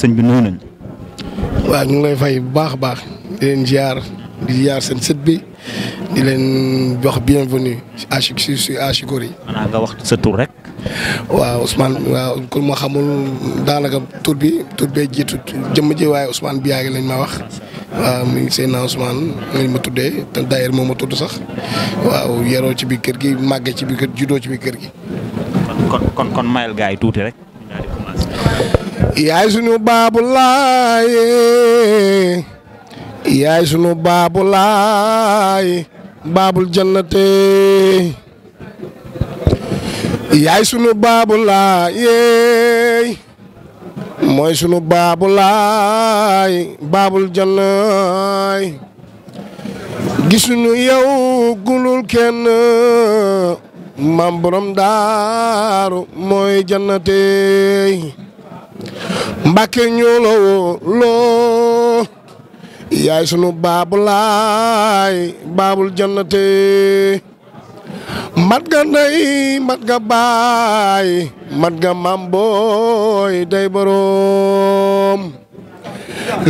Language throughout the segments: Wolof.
sëñ bi nuyu nañ waaw ñu lay fay bu baax a baax di leen ziar di ziar seen sët bi di leen jox bienvenue si si Achikori. maanaam wax sa tur rek. waaw Ousmane waaw kon ma xamul daanaka tur bi tur bee jiitu jëmm ji waaye bi Biagui lañ ma wax. waaw mi seen naa Ousmane lañ ma tuddee te daayir moo ma tudd sax waaw yaroo ci biir kër gi màggee ci bi kër juddoo ci biir kër gi. kon kon kon yi tuuti rek. yaay sunu baabu baabu laay baabul jannate yaay sunu baabu laay mooy sunu baabu laay baabul jannaay gisuñu yow gulul kenn mam borom daaru mooy jannate Mbàkke ñuulo loo yaay sunu baabu laay baabul jannate mat ga nay mat ga baay mat ga mam day boroom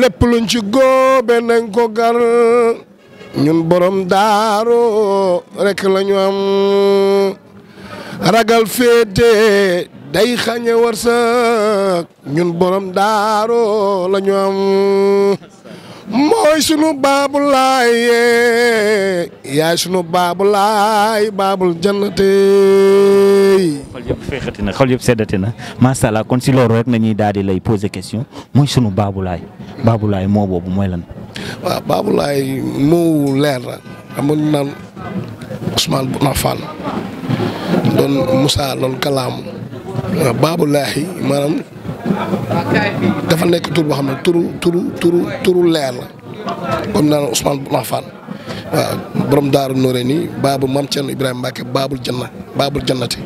lépp luñ ci góobe nañ ko gar ñun borom daaro rek lañu am ragal féete day xañe wërsëg ñun borom daaru la am mooy sunu baabu laay yaay sunu baabu laay baabul jannatey. xol yëpp féexati na xol yëpp seddati na macha kon si loolu rek nañuy daal di lay poser question mooy sunu baabu laay baabu moo boobu mooy lan. waaw baabu laay moo leer la amoon naan Ousmane Bouna Fall doon Moussa loolu kalaamu. waa baabu laahi maanaam dafa nekk tur boo xam ne turu turu turu turu leer la comme naan Ousmane Mahfane waaw borom daaru nooré nii baabu maam Cerno Ibrahima Mbacke baabul janna baabul jannati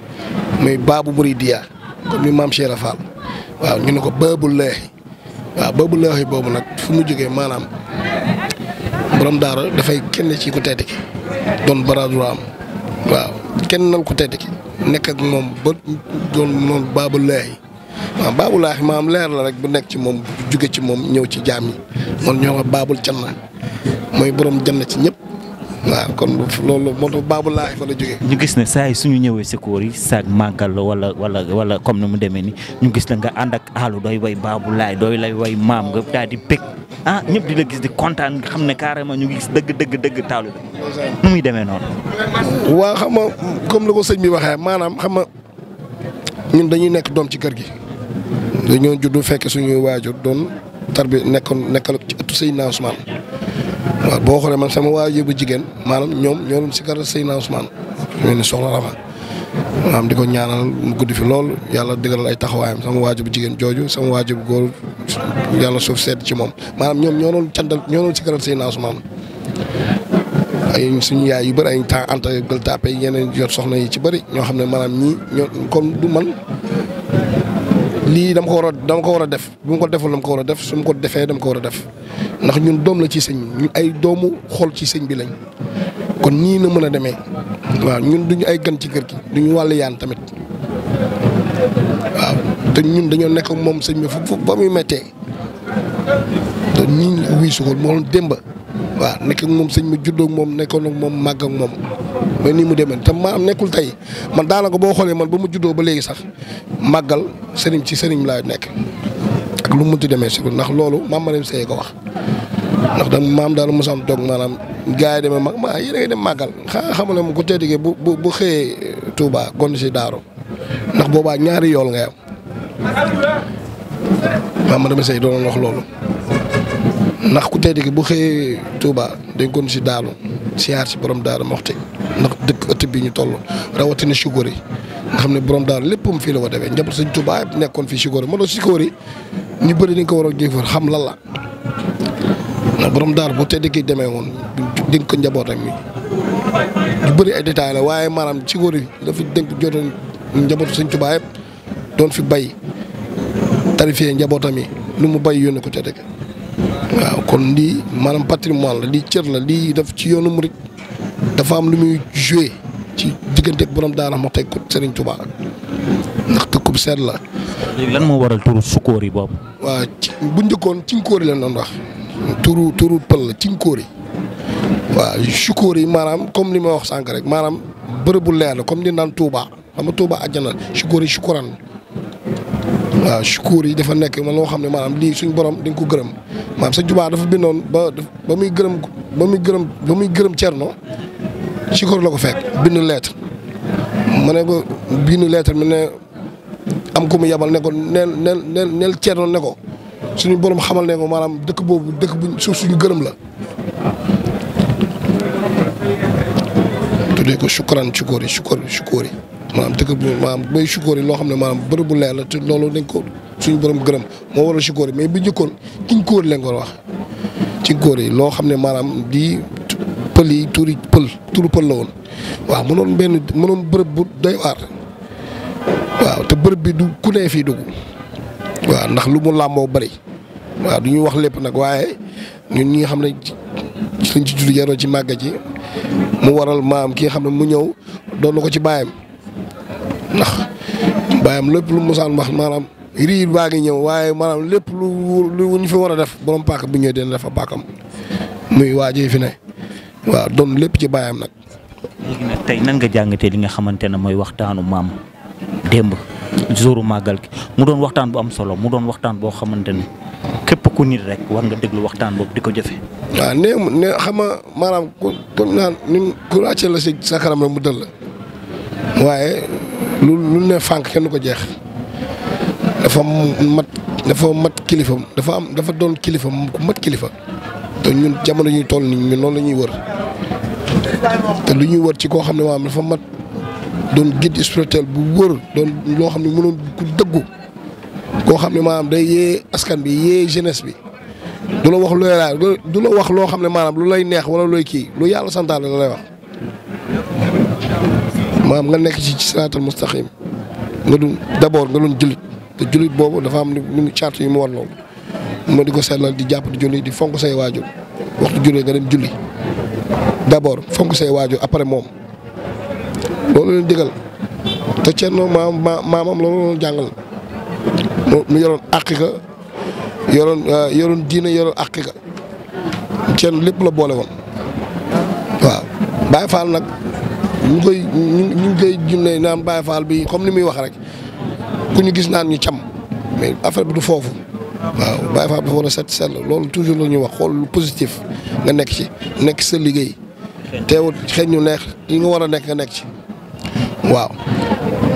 muy baabu muridiya comme ni maam Cheikh Fall waaw ñu ne ko baabul laahi waaw boobu laaxi boobu nag fu mu jógee maanaam borom daara dafay kenn ci ko tedd ki doon baraaduraam waaw kenn nal ko tedd ki nekk ak moom ba doon noonu baabu laahi waaw baabu laahi maam leer la rek bu nekk ci moom bu jóge ci moom ñëw ci jaam yi man ñoo ma baabul janna mooy borom janna ci ñëpp. waaw kon loolu moo tax baabu laax fa la jógee. ñu gis ne saa yi suñu ñëwee si koor yi saag màggal la wala wala wala comme ni mu demee ni ñu gis la nga ànd ak aalu doy way baabu laay dooy lay way maam nga daal di bég ah ñëpp di la gis di kontaan xam ne carrément ñu ngi gis dëgg dëgg dëgg taalu bi. nu muy demee noonu. waaw xam nga comme la ko sëñ bi waxee maanaam xam nga ñun dañuy nekk doom ci kër gi. dañoo judd fekk suñuy waajur doon bi nekkoon nekkal ci ëttu Seydina waaw boo xoolee man sama waajur bu jigéen maanaam ñoom ñoo doon sikkar Seydina Ousmane mel ni soxla Rama maanaam di ko ñaanal mu guddi fi lool yàlla dëgëral ay taxawaayam sama waajur bu jigéen jooju sama waajur bu góor yàlla suuf seet ci moom maanaam ñoom ñoo doon cantal ñoo doon sikkar Seydina Ousmane ay suñu yaay yu bëri ay temps anta gël tappe yeneen jot soxna yi ci bëri ñoo xam ne maanaam ñii ñoo kon du man lii dama ko war a dama ko war a def bu ma ko deful dama ko war a def su ma ko defee dama ko war a def ndax ñun doom la ci sëñ ñu ay doomu xol ci sëñ bi lañ kon nii na mën a demee waaw ñun duñu ay gan ci kër gi duñu wàll yaan tamit waaw te ñun dañoo nekk moom sëñ bi fu ba muy méttee te ñii wii su ko moom démb waaw nekk moom sëñ bi juddoo moom nekkoon ak moom màgg ak moom mais nii mu demee te ma am nekkul tey man daanaka boo xoolee man ba mu juddoo ba léegi sax màggal sëriñ ci sëriñ laa nekk. lu mu munti demee si ndax loolu maam Mariam Seye ko wax ndax dam maam daal mos am toog maanaam gars yi demee mag maa yéen a ngi dem màggal xanaa xamu ne ku tedd bu bu bu xëyee Touba gon si Daaru ndax boobaa ñaari yool ngay am maam Mariam Seye doon wax loolu ndax ku tedd bu xëyee tuubaa day gon si Daaru siyaar si borom Daaru Moxti ndax dëkk ëtt bi ñu toll rawatina Chigori nga xam ne borom Daaru léppam fii la ko defee njaboot Sëñ Touba nekkoon fii Chigori moo doon Chigori ñu bëri dañ ko war a jëfar xam lan la borom daar bu tedd ki demee woon dénk ko njabootam mi ñu bëri ay détails la waaye maanaam ci góor yi dafa dénk jotoon njabootu Sëñ Tuubaa doon fi bay tarifee njabootam yi lu mu bay yónni ko tedd ki waaw kon lii maanaam patrimoine la lii cër la lii daf ci yoonu murit dafa am lu muy joué ci diggante ak borom daara ma teg ko Serigne Touba ndax dëkkub seet la. léegi moo waral turu sukkoor yi boobu. waaw bu njëkkoon cinkóori la doon wax turu turu pël la cinkóori waaw sukóori maanaam comme li ma wax sànq rek maanaam bërëbu leer la comme ni naan Touba xam nga Touba àjjana sukóori sukuran waaw sukóor yi dafa nekk man loo xam ne maanaam lii suñ borom di ko gërëm maanaam sa jubaa dafa bindoon ba ba muy gërëm ba muy gërëm ba muy gërëm cerno sukóor la ko fekk bind lettre ma ne ko bind lettre mu ne am ko mu yabal ne ko neel neel neel neel ceernoon ne ko suñu borom xamal ne ko maanaam dëkk boobu dëkk bu suuf suñu gërëm la. tuddee ko sukkuraan sukkoori sukkoori sukkoori maanaam dëkk loo xam ne maanaam bërëb bu la te loolu dañ ko suñu borom gërëm moo waral sukkoori mais bu njëkkoon kiñ kóor leen ko wax. ci góor yi loo xam ne maanaam di pël yi tuuri pël tuuru pël la woon waaw mënoon benn mënoon bërëb bu doy waar waaw te bërëb bi du ku ne fii dugg waaw ndax lu mu làmboo bari waaw du ñuy wax lépp nag waaye ñun ñi nga xam ne suñ ci juddu yaroo ci màgga ji mu waral maam ki nga xam ne mu ñëw doon la ko ci baayam ndax baayam lépp lu musaan wax maanaam riir baa ngi ñëw waaye maanaam lépp lu lu ñu fi war a def borom paaka bu ñëwee dina def a paakam muy waajee fi ne waaw doon lépp ci baayam nag. léegi nag tey nan nga jàngatee li nga xamante ne mooy waxtaanu maam. démb jouru màggal gi mu doon waxtaan bu am solo mu doon waxtaan boo xamante ni képp ku nit rek war nga déglu waxtaan boobu di ko jëfe waaw nee ne xam nga maanaam ku ku naan ni ku ràcce la si sa kanam mu dël la waaye lu lu ne fànk kenn du ko jeex dafa mat dafa mat kilifa dafa am dafa doon kilifa ku mat kilifa te ñun jamono ñuy toll nii ñun noonu la wër te lu ñuy wër ci koo xam ne maanaam dafa mat. doon guide spirituel bu wër doon loo xam ne mënoon ku dëggu koo xam ne maanaam day yee askan bi yee jeunesse bi du la wax lu lay du la wax loo xam ne maanaam lu lay neex wala looy kii lu yàlla santaane la lay wax maanaam nga nekk ci siraatal mustaqim nga du d'abord nga doon jullit te jullit boobu dafa am ni charte yu mu war loolu ma di ko seetlal di jàpp di julli di fonk say waajur waxtu julli nga dem julli d'abord fonk say waajur après moom loolu leen digal te Thierno maam maamam loolu loolu jàngal mu yoroon àqiqa yoroon ah, yoroon diine yoroon àqiqa Thierno lépp la boole woon waaw Baye Fall nag ñu koy ñu ñu koy junne naan Baye Fall comme ni muy wax rek ku ñu gis naan ñu cam mais affaire bi du foofu waaw Baye Fall dafa war a loolu toujours la ñuy wax xool lu positif nga nekk ci nekk sa liggéey teewul xëy ñu neex li nga war a nekk nga nekk ci waaw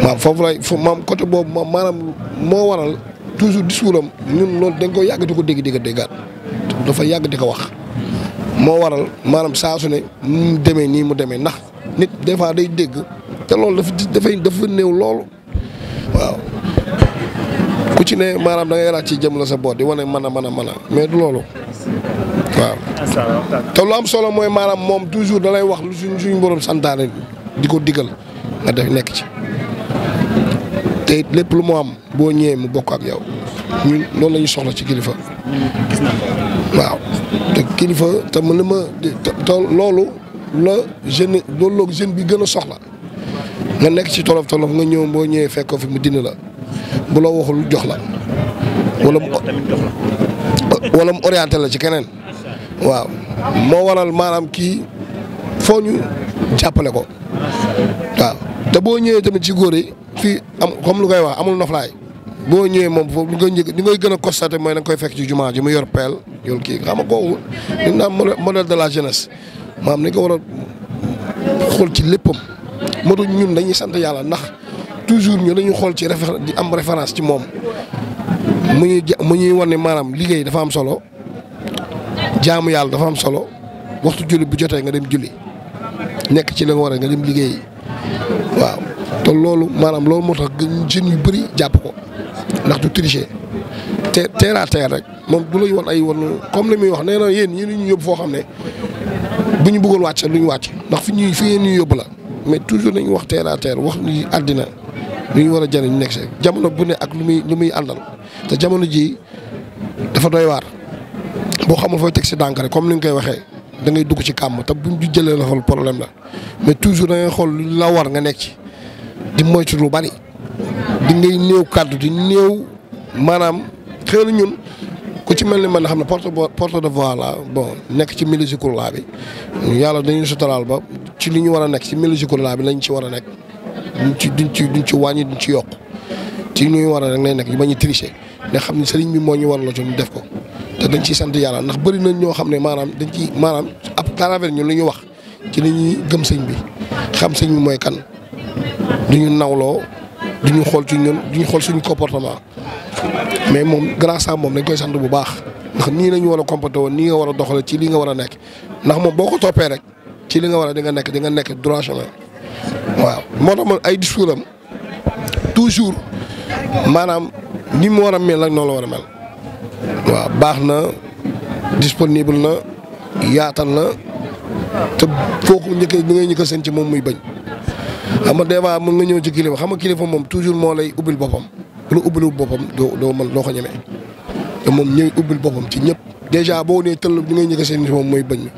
maam foofu lay maam côté boobu maam maanaam moo waral toujours discours am ñun loolu dañ ko yàgg ko dégg di ko déggaat dafa yàgg di ko wax. moo waral maanaam saa ne mu nii mu demee ndax nit des fois day dégg te loolu dafa dafay dafa néew loolu waaw. maanaam da ngay ci jëm sa boot di wane mën a mën a mën a mais du loolu waaw. te lu am solo mooy maanaam moom toujours da lay wax lu suñ suñ borom santaane di ko digal. nga def nekk ci te lépp lu mu am boo ñëwee mu bokk ak yow ñun loolu la soxla ci kilifa. waaw te kilifa te mën na ma te loolu la jeune loolu la jeune bi gën a soxla nga nekk ci tolof tolof nga ñëw boo ñëwee fekkoo fi mu dindi la bu la waxul jox la. wala mu wala mu orienté la ci keneen. waaw moo waral maanaam kii foo ñu jàppale ko waaw. te boo ñëwee tamit ci góor yi fii am comme lu koy wax amul noflaay boo ñëwee moom foofu ñu koy ñu koy gën a constaté mooy da nga koy fekk ci jumaa ji mu yor peel yor kii xam nga kooku ñu naan modèle de la jeunesse maam ni ko war a xool ci léppam moo tax ñun dañuy sant yàlla ndax toujours ñu dañuy xool ci réfé di am référence ci moom mu ñuy mu ñuy wan maanaam liggéey dafa am solo jaamu yàlla dafa am solo waxtu julli bu jotee nga dem julli nekk ci li war a nga dem liggéey waaw te loolu maanaam loolu moo tax jeunes yu bëri jàpp ko ndax du tricher te terre à rek moom du lay wan ay wan comme li muy wax nee na yéen ñi ñu yóbbu xam ne bu ñu bëggoon wàcc lu ñu wàcc ndax fi ñuy fi ngeen ñuy yóbbu la mais toujours nañu wax terre à terre wax ni àddina lu ñu war a jëriñ nekk si jamono bu ne ak lu muy lu muy àndal te jamono ji dafa doy waar boo xamul fooy teg si dànk rek comme ni nga koy waxee. da ngay dugg ci kàmm te buñ jëlee la xool problème la mais toujours da ngay xool lu la war nga nekk ci di moytu lu bari di ngay néew kàddu di néew maanaam xëy na ñun ku ci mel ni man xam ne porte porte de voix la bon nekk ci milieu kurla bi yàlla dañuy suturaal ba ci li ñu war a nekk ci milieu kurla bi lañ ci war a nekk duñ ci ci duñ ci wàññi duñ ci yokk ci li ñu war a rek lay nekk ñu bañ a tricher ne xam ne sëriñ bi moo ñu war la ñu def ko. te dañ ciy sant yàlla ndax bari nañ ñoo xam ne maanaam dañ ciy maanaam ab travers ñun lu ñu wax ci li ñuy gëm sëñ bi xam sëñ bi mooy kan du ñu nawloo du xool ci ñun du xool suñu comportement mais moom grâce à moom dañ koy sant bu baax ndax nii la war a comporté woon nii nga war a doxale ci lii nga war a nekk ndax moom boo ko toppee rek ci li nga war a di nga nekk di nga nekk droit chemin waaw moo tax man ay discours am toujours maanaam ni mu war a mel nag noonu la war a mel. waaw baax na disponible na yaatal na te foo ko njëkkee ñu ko seen ci moom muy bañ xam nga des fois mën nga ñëw ci kilifa xam nga kilifa moom toujours moo lay ubbil boppam lu ubbilu boppam doo doo mën doo ko ñemee te moom ñëw ubbil boppam ci ñëpp dèjà boo nee tëll bi ngay ñu ko seen ci moom mooy bañ.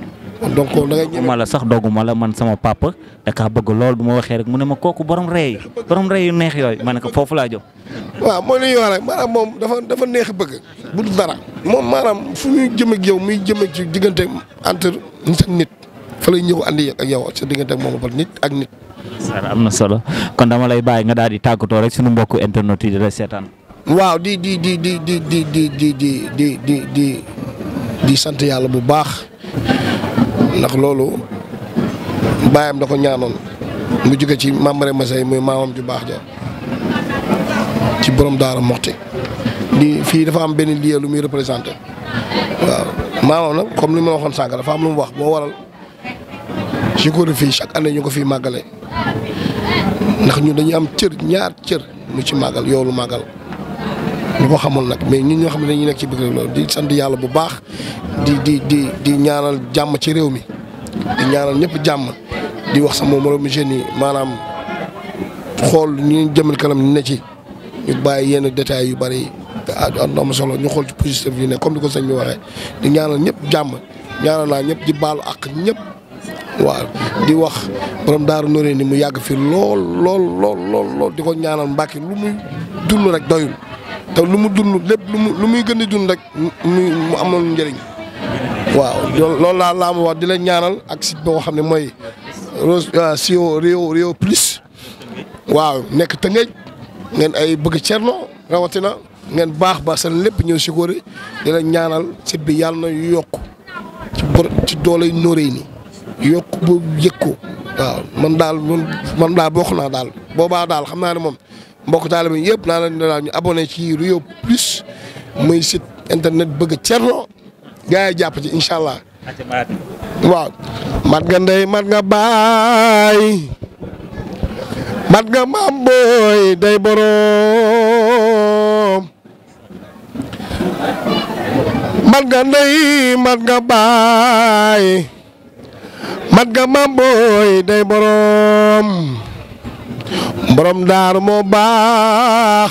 donc da ngay ñeme la sax dogguma la man sama papa da kaa bëgg lool bu ma waxee rek mu ne ma kooku borom rey borom rey yu neex yooyu ma ne ko foofu laa jóg. waaw mooy li moom dafa dafa neex bëgg. bu dul dara maanaam fu muy jëm jëm ak ci diggante entre nit fa lay ñëw andi ak yow sa diggante ak moom nit ak nit. am na solo kon dama lay bàyyi nga daal di tàggatoo rek suñu mbokku internet yi di seetaan. waaw di di di di di di di di sant yàlla bu baax. ndax loolu baayam da ko ñaanoon mu jóge ci membre masay muy maamam ju baax ja ci borom daara moxti di fii dafa am benn lieu lu muy représenté waaw maamam nag comme li ma waxoon sànq dafa am lu mu wax boo waral ci góor fii chaque année ñu ko fii màggale ndax ñu dañu am cër ñaar cër mu ci màggal yow lu màggal ñu ko xamul nag mais ñun ñoo xam ne dañuy nekk ci bëgg loolu di sant yàlla bu baax di di di di ñaanal jàmm ci réew mi di ñaanal ñëpp jàmm di wax sama moromu jeunes yi maanaam xool ñu jëmal kanam ne ci ñu bàyyi yenn détails yu bari am am solo ñu xool ci positif yu ne comme di ko sëñ bi waxee di ñaanal ñëpp jàmm ñaanal naa ñëpp di baalu ak ñépp waaw di wax borom daaru noré ni mu yàgg fi lool lool lool lool lool di ko ñaanal Mbàkke lu muy dund rek doyul te lu mu dund lépp lu lu muy gën di dund rek mu amoon njëriñ. waaw loolu laa laa ma wax di la ñaanal ak site boo xam ne mooy Rose euh, Sio Rio Rio Plus waaw nekk Tëngéej ngeen ay bëgg Cerno rawatina ngeen baax ba seen lépp ñëw si góor di la ñaanal site bi yàlla na yokk ci bor ci doole nóoree ni yokk bu yëg waaw man daal man daal bokk naa daal boobaa daal xam naa ne moom mbokk taalibe yëpp naa leen daal ñu abonné ci Rio Plus muy site internet bëgg Cerno gaa yi jàpp ci incha allah. waaw. mat nga ndey mat nga baay mat nga maam booy day boroom boroom borom moo baax.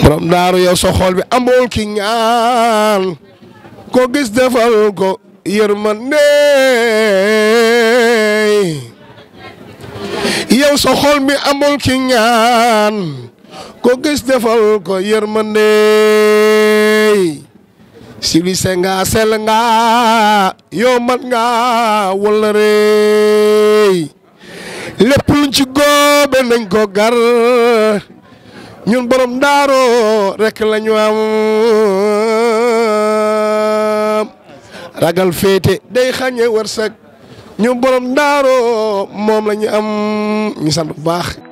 borom daaru yow sa xol bi amul ki ñaan ko gis defal ko yërmande yow sa xol bi amul ki ñaan ko gis defal ko yërmande silise nga sel nga yow mat nga wala rëy lépp luñ ci góobe ko gar ñun borom daaroo rek la ñu am ragal féete day xàññe wërsëg ñun borom daaroo moom la ñu am ñu bu baax.